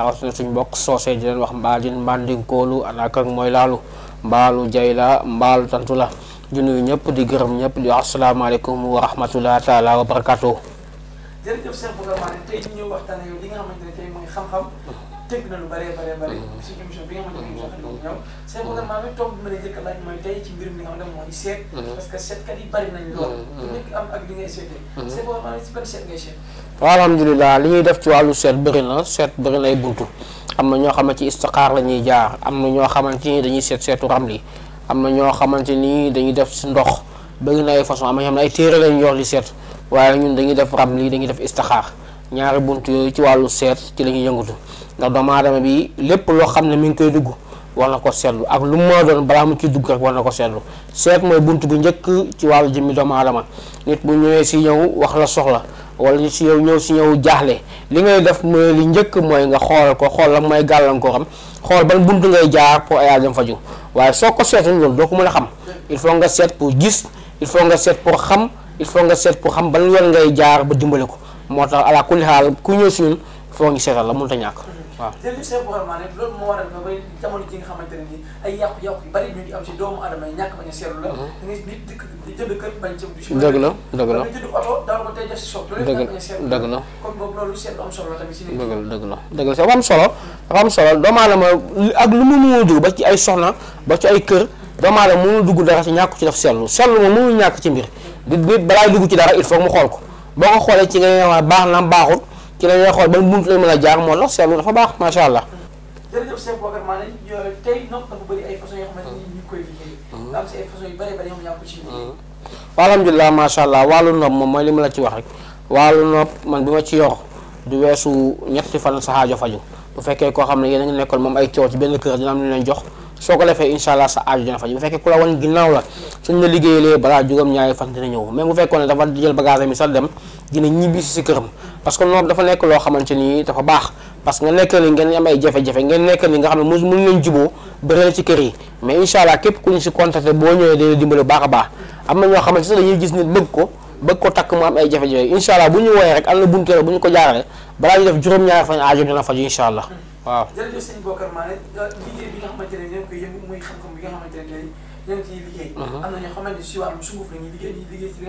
rawatina suñ bokk soosee di leen wax mbaalin mbandinkoolu anakak mooy laalu mbaalu jay la mbaalu tantu la di nuyu ñëpp di gërëm ñëpp di wax asalaamaaleykum wa rahmatullah taala wa tënk na lu bëree bëree bëri si émission bi nga xamante ne émission xam ñëw seen programme bi toog bi ma lay jëkk laaj mooy tey ci mbir mi nga xam ne mooy seet mm-hmm. parce que seetkat yi bëri nañ lool mm-hmm. ku nekk am ak li ngay seetee seen programme bi si ban seet ngay seet waaw alhamdulilah li ñuy def ci wàllu seet bëri na seet bëri nay buntu am na ñoo xamante ci istixaar la ñuy jaar am na ñoo xamante ni dañuy seet seetu ramli am na ñoo xamante ni dañuy def si ndox bëri na ay façon am na ñoo xam ne ay téere lañ yor di seet waaye ñun dañuy def ramli dañuy def istixaar ñaari buntu yooyu ci wàllu seet ci la ñuy yëngatu ndax doomu aadama bi lépp loo xam ne mi ngi koy dugg war na ko seetlu ak lu moo doon balaa mu ci dugg rek war na ko seetlu seet mooy bunt bu njëkk ci wàllu jëmmi doomu aadama nit bu ñëwee si yow wax la soxla wala si yow ñëw si yow jaaxle li ngay def mooy li njëkk mooy nga xoolal ko xool la mooy gàllankooram xool ban bunt ngay jaar pour ay dem faju waaye soo ko seetee loolu doo ko mën a xam il faut nga seet pour gis il faut nga seet pour xam il faut nga seet pour xam ban yoon ngay jaar ba dimbale ko moo tax ala kulli xaal ku ñëw si ñun foo ngi seetal la mënut a ñàkk. waaw jërëjëf Cheikh Boukhar Mané mhm. dëgg la dëgg la dëgg la dëgg la solo dëgg la dëgg la dëgg la dafa am solo dafa am ak lu mu mënoo dugg ba ci ay soxna ba ci ay kër doomu adama dugg dara ci ñàkk ci def seetlu seetlu moom mënul ñàkk ci mbir di balaa dugg ci dara il faut mu xool ko boo ko xoolee ci nga baax na baaxul ci la ñuy xool ban bunt lañ mën a jaar moo lox baax macha allah. jërëjëf Cheikh Bocar Mané euh, tey nopp dafa bëri ay façon mhm. mhm. la ci wax rek wàllu nopp man bi ma ci yor du weesu ñetti fan sa aajo faju bu fekkee koo xam ne yéen a ngi nekkoon moom ay coow ci benn jox soo ko defee incha allah sa aajo dina faj bu fekkee ku la wan ginnaaw la suñ la liggéeyalee balaa juróom-ñaari fan dina ñëw même bu fekkoon ne dafa jël bagage mi sax dem dina ñibbi si si këram parce que noor dafa nekk loo xamante ni dafa baax parce que nga nekk ni ngeen am ay jafe-jafe ngeen nekk ni nga xam ne mu mun nañ juboo bëral ci kër yi mais incha allah képp ku ñu si contacté boo ñëwee dina dimbali baax a baax am na ñoo xamante sax dañuy gis nit bëgg ko bëgg ko takk mu am ay jafe-jafe incha bu ñu wooyee rek am na buntu la bu ñu ko jaarale balaa ñu def juróom-ñaari fan aajo dina waaw. nga ne ñoo koy yëngu ñu si wàllum sunguf la ñuy liggéey ci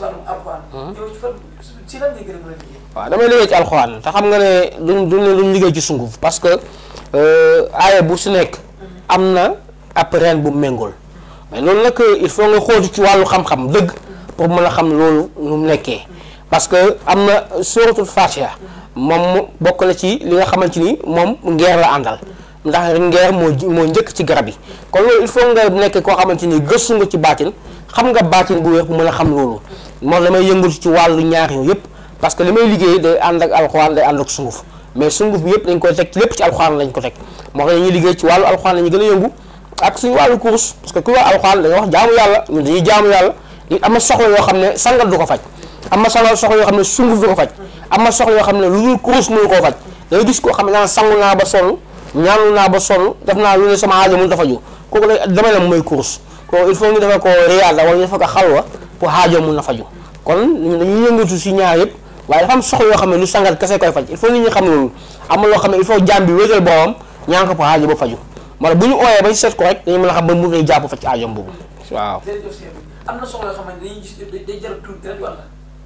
fan ci waaw damay liggéey ci alxuraan te xam nga ne duñ duñ ne duñ liggéey ci sunguf parce que euh, aaya bu si nekk. Uhuh. am na ab reen bu méngool. mais loolu nag il faut nga xóotu ci wàllu xam-xam dëgg. pour mën a xam loolu nu mu nekkee. Uhuh. parce que am na suratul fatiha uhuh. moom bokk la ci li nga xamante ni moom ngeer la àndal ndax ngeer moo moo njëkk ci garab yi kon loolu il faut nga nekk koo xamante ni gëstu nga ci baatin xam nga baatin bu wér bu mën a xam loolu moom damay yëngul ci wàllu ñaar yooyu yëpp parce que li may liggéey day ànd ak alxuraan day ànd ak sunguf mais sunguf bi yëpp dañ koy teg lépp ci alxuraan lañ ko teg moo xam ne ñuy liggéey ci wàllu alxuraan la ñu gën a yëngu ak suñu wàllu course parce que ku wax alxuraan dañuy wax jaamu yàlla ñun dañuy jaamu yàlla nit am na soxla yoo xam ne sangal du ko faj am na soxla yoo xam ne sunguf du ko am na soxla yoo xam ne lu dul course gis koo xam ne naan sangu naa ba sonn ñaanu naa ba sonn def naa lu ne sama aajo mun dafa ju kooku la damay la mooy course il faut ñu ko riyaada wala ñu defal ko xalwa na faju kon dañuy yëngatu si ñaar waaye dafa am soxla yoo xam ne lu sangat kese koy faj il faut xam loolu am loo xam ne il faut jàmm bi wéetal boobam ñaan ko pour ñu ooyee ba ñu seet ko rek dañu mën a xam ba mu ngi jàpp faj aajoom boobu am na soxla yoo xam ne dañuy gis day jar tuuti rek wala.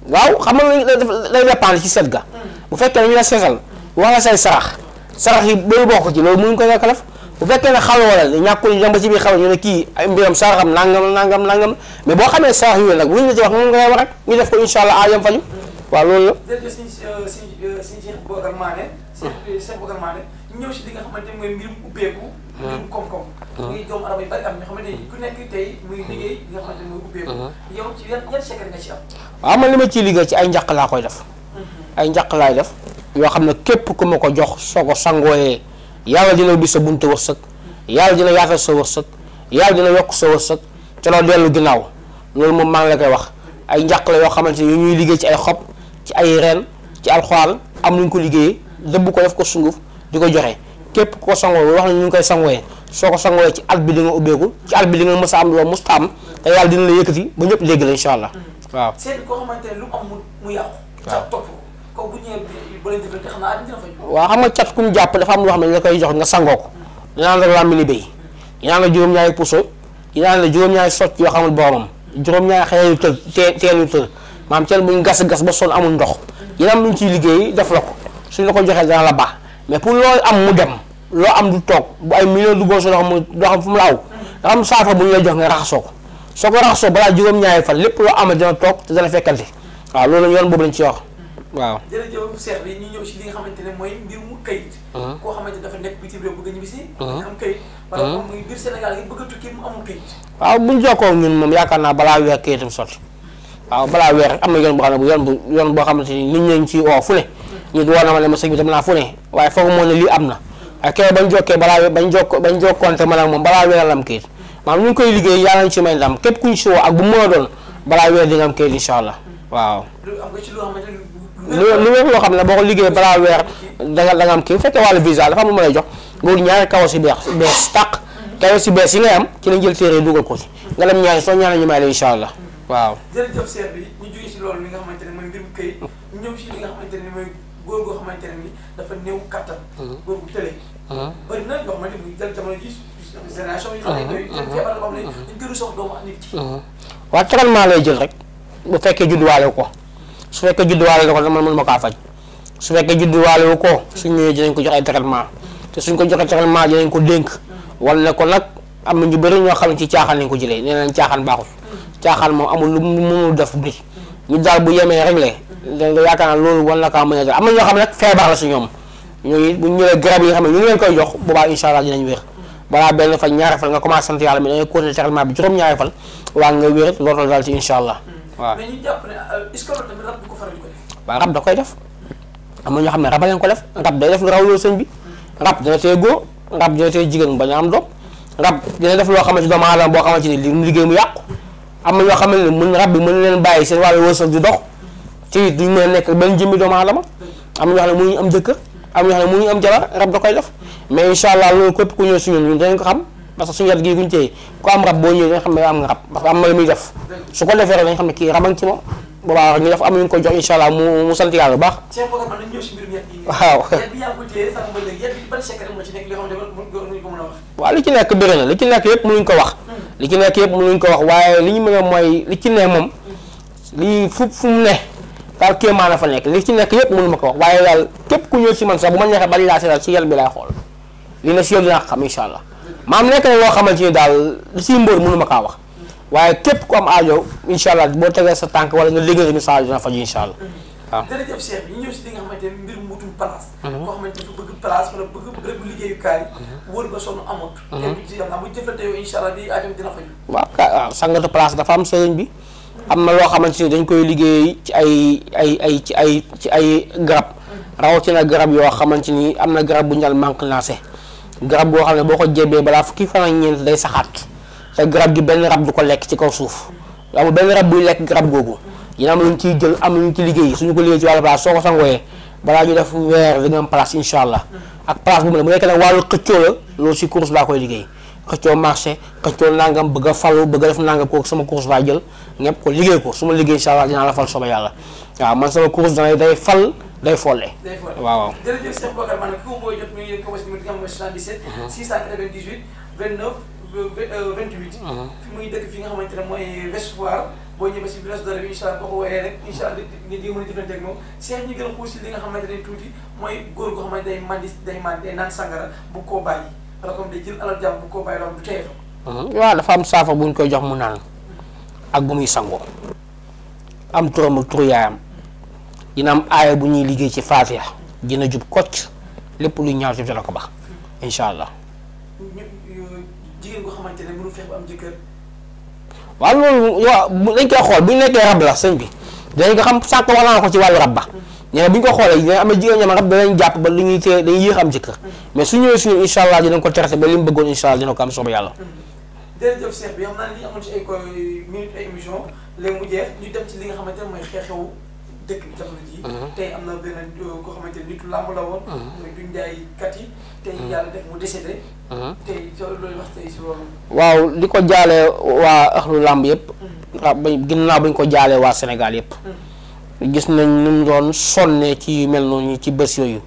waaw xam nga day dépendre ga hmm. bu fekkee dañu la seetal wax la say sarax sarax yi loolu bokk ci loolu mënuñu ko nekk laf bu fekkee ne xalwa la ñàkkul ñu ci biir xalwa ñu ne kii ay mbiram saraxam nangam nàngam nangam mais boo xamee sarax yooyu nag bu ñu la ci wax moom nga wax rek ñu def ko incha allah aajam faju loolu la. jërëjëf si si euh, si euh, Cheikh Bocar Mané. Hmm. Euh, Cheikh Bocar Mané ñu li hmm. hmm. yi tey muy liggéey nga xamante ne ubbeeku. waaw man li ma ciy liggéey ci ay njaq laa koy def. ay njaq laay def yoo xam ne képp ku ma ko jox soo ko sangooyee yàlla dina ubbi sa buntu wërsëg yàlla dina yaatal sa wërsëg yàlla dina yokk sa wërsëg te loo dellu ginnaaw loolu moom maa ngi la koy wax ay njaq la yoo xamante ne yu ñuy liggéey ci ay xob ci ay reen ci alxuraan am lu ñu ko liggéeyee dëbb ko def ko sunguf di ko joxe képp ku sangoo wax ne ñu ngi koy sangooyee soo ko sangooyee ci at bi di nga ubbeeku ci at bi di nga mës a am loo mës a am te yàlla dina la yëkkati ba ñëpp dégg la incha allah mm. waaw. kooku bu ñëwee bu leen cat ku mu jàpp dafa am loo xam ne la koy jox nga sangoo ko. dinaa la làmmili béy. dinaa la juróom-ñaari puso. dinaa la juróom-ñaari socc yoo xamul boromam. juróom-ñaari xeeru tër teel teelu tër maam teel gas gas ba sonn amul ndox. dina am ciy liggéey def la ko suñ la ko joxee la baax mais pour loolu am mu dem loo am du toog bu ay million duggoon sa loxo mu doo xam fu mu la aw dafa am saafara bu ñu lay jox nga raxasoo ko soo ko raxasoo balaa juróom-ñaari fan lépp loo am dina toog te dana fekkante waaw loolu yoon boobu lañ ci wax waaw jërëjëf Cheikh uh-huh. a ñibbisi uh-huh. am kayit uh-huh. wala moom muy ñun moom yaakaar naa balaa weer kayitam sotti waaw balaa weer am na yoon boo xam ne boo xamante ne ñu woo na ma ne ma sëñ bi dem moo am na ak keroog bañ jokkee balaa bañ bañ jokkoonte man ak moom balaa weer la am kayit maanaam ñu koy liggéey yàlla ñu ci may ndam képp kuñ si woo ak bu mën a doon balaa weer di am kayit incha waaw lu lu wér loo xam ne boo ko liggéey balaa weer danga danga am kii bu fekkee wàllu visa dafa am lu ma lay jox loolu ñaari kaw yi ngay am ci lañ jël téere ko si loolu li nga xamante ne mooy mbirum këyit ñu ñëw si li nga xamante ne mooy góor lay jël rek bu fekkee judduwaale ko su fekkee judduwaale la ko man mënuma kaa faj su fekkee judduwaale wu ko suñ ñëwee dinañ ko jox ay te suñ ko joxee traitement dinañ ko dénk wala ne ko nag am na ñu bëri ñoo xam ne ci caaxaan nañ ko jëlee nee nañ caaxaan baaxul caaxaan moom amul lu mu mënul def nit ñu daal bu yemee rek le nga yaakaar naa loolu war kaa mën a def am na ñoo xam ne nag feebar la si ñoom ñooyu buñ ñëwee garab yi nga xam ne ñu ngi leen koy jox boobaa incha allah dinañ wér balaa benn fan ñaari fan nga commencé daal ci incha allah waaw mais ñu euh, rab da koy def am na ñoo xam ne rab a leen ko def rab day def lu raw loolu sëñ bi rab dina tee góor rab dina tee jigéen ba ñu am doom rab dina def loo xamante doomu aadama boo xamante ni li mu liggéey mu yàqu am na ñoo xamante ne mën rab bi mën leen bàyyi seen wàllu wërsëg di dox te it duñ mën a nekk benn jëmmi doomu aadama am na ñoo xam ne mënuñu am jëkkër am ñoo xam ne mënuñu am jabar rab da koy def mais incha allah loolu képp ku ñëw si ko xam parce que suñu yat gii guñ téye ku am rab boo ñëwee dañ xam ne am nga rab parce que am na lu muy su ko defee rek dañ xam ne kii raban ci moom boobaa def am ñu ko jox incha allah mu mu sant yàlla bu baax. waaw. waaw li ci nekk bëri na li ci nekk yëpp mënuñ ko wax. Hmm. li ci nekk ko wax waaye li ñu mën mooy li ci ne moom. Hmm. lii fu fu mu ne. daal kéemaan a fa nekk li ci nekk yëpp mënu ma ko wax waaye daal képp ku ñëw ci man sax bu ma neexee bari laa seetal ci yàlla bi laa xool li na si yow dinaa xam incha allah maam nekk na loo xamante ni daal lu siy mbër mënu ma kaa wax waaye képp ku am aajo incha allah boo tegee sa tànk wala nga liggéey ñu sa aajo dina si li mhm. dafa mhm. wër ba sonn amut. te am naa di aajam dina faju. waaw ah, sangatu place dafa am sëriñ bi am na loo xamante ni dañ koy liggéey ci ay ay ci ay ci ay garab mhm. rawatina garab yoo xamante ni am na garab bu ñu daan manque lancé garab goo xam ne boo ko jébbee balaa fukki fan ak ñeent day saxaat te garab gi benn rab du ko lekk ci kaw suuf amul benn rab buy lekk garab googu dina am lu ñu jël am lu ci liggéey suñu ko liggéey ci soo ko sangooyee balaa ñu def weer dina am mu ne laa koy liggéey xëccoo marché xëccoo nangam bëgg a falu bëgg def nangam kooku sama course laa jël ñëpp ko liggéey ko su ma liggéey incha allah dinaa la fal soba yàlla waaw man sama course danay day fal day folle. waaw waaw. jërëjëf Cheikh Bocar xam mooy 77. 698 29 28. fi muy dëkk fi nga xamante ne mooy Ouest boo ñëwee si village Dore bi incha allah boo di li nga xamante ne tuuti mooy góor goo xamante day mandi day mandi day naan sangara bu ko bàyyi wala comme day jël alal jàmm bu ko mhm. dafa am saafa bu ñu koy jox mu naan ak bu muy sangoo am turam ak turu yaayam dina am aaya bu ñuy liggéey ci faatiha dina jub kocc lépp lu ñaaw ci dana ko bax incha allah. jigéen ko xamante ne mënu fex ba am jëkkër. waaw loolu waaw dañ koy xool bu ñu nekkee rab la sëñ bi dañ ko xam sànq wax naa ko ci wàllu rab ba ñu ne bu ñu ko xoolee dina amee jigéen ñam rab danañ jàpp ba li ñuy téye dañuy yéex am jëkkër mais su ñëwee suñu incha allah dinañ ko traité ba li mu bëggoon incha allah dina ko am soobu yàlla. jërëjëf Cheikh Mhm. Euh, mhm. mhm. waaw li ko jaale waa axlu làmb yëpp ginnaaw bañ ko jaalee waa Sénégal yëpp gis nañ nu mu doon sonnee ci mel noonu ci bés yooyu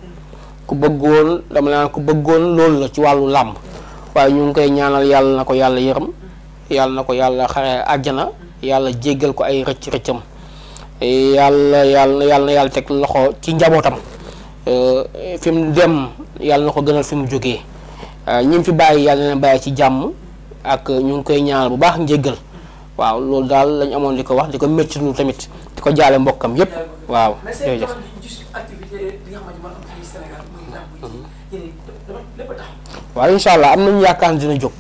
ku bëggoon dama naan ku bëggoon loolu la ci wàllu làmb waaye ñu ngi koy ñaanal yàlla na ko yàlla yërëm yàlla na ko yàlla xare àjjana yàlla jéggal ko ay rëcc rëccam yàlla yàlla yàlla na yàlla teg loxo ci njabootam euh, fi dem yàlla na ko gënal fi mu jógee euh, ñi fi bàyyi yàlla na bàyyi ci jàmm ak ñu ngi koy ñaanal bu baax njéggal waaw loolu daal lañ amoon di ko wax di ko métti lu tamit di ko jaale mbokkam yépp waaw jërëjëf allah am nañu yaakaar dina jóg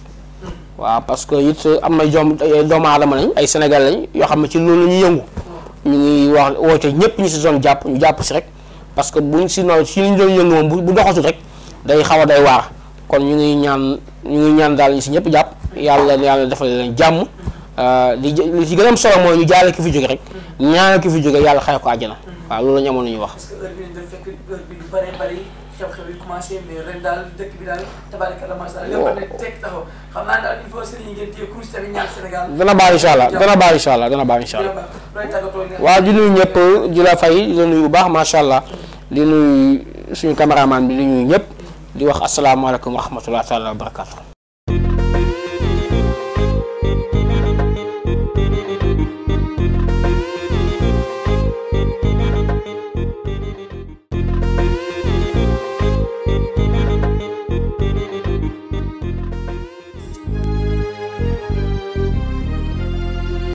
hmm. waaw parce que it am na jom aadama lañ ay Sénégal lañ yoo xam ne ci loolu la yëngu ñu ngi wax woote ñëpp ñu si doon jàpp ñu jàpp si rek parce que buñ si no si ñu doon yëngu moom bu doxatul rek day xaw a day waar kon ñu ngi ñaan ñu ngi ñaan daal ñu si ñëpp jàpp yàlla yàlla defal leen jàmm euh, li li ci gën a am solo mooy ñu jaale ki fi jóge rek ñaan ki fi jóge yàlla xare ko àjjana waaw loolu la ñu amoon nañu wax xew-xew yi commencé mais ren daal dëkk bi dana baax incha allah dana baax baax fay la nuyu bu baax macha allah. di nuyu suñu caméraman bi di nuyu ñëpp. di wax asalaamaaleykum wa rahmatulah taala wa barakatu.